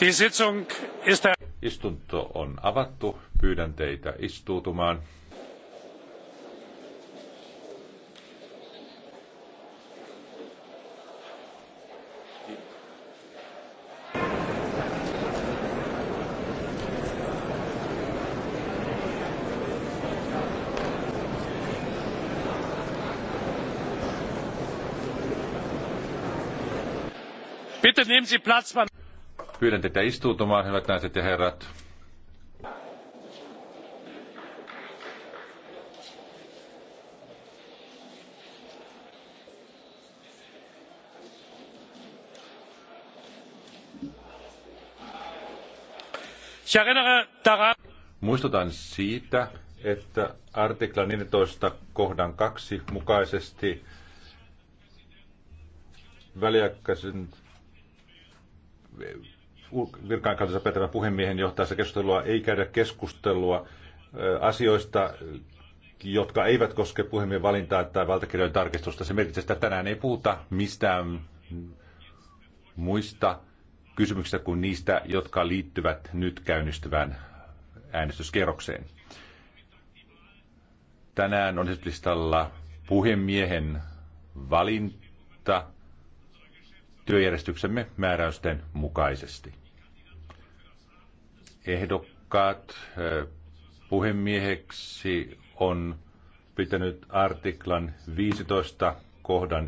Er- Istunto on avattu. Pyydän teitä istuutumaan. Bitte nehmen Sie Platz, Pyydän teitä istuutumaan, hyvät naiset ja herrat. Muistutan siitä, että artikla 14 kohdan 2 mukaisesti väliaikaisen virka-aikansa pätevän puhemiehen johtaessa keskustelua ei käydä keskustelua asioista, jotka eivät koske puhemiehen valintaa tai valtakirjojen tarkistusta. Se merkitsee, että tänään ei puhuta mistään muista kysymyksistä kuin niistä, jotka liittyvät nyt käynnistyvään äänestyskierrokseen. Tänään on listalla puhemiehen valinta työjärjestyksemme määräysten mukaisesti. Ehdokkaat puhemieheksi on pitänyt artiklan 15 kohdan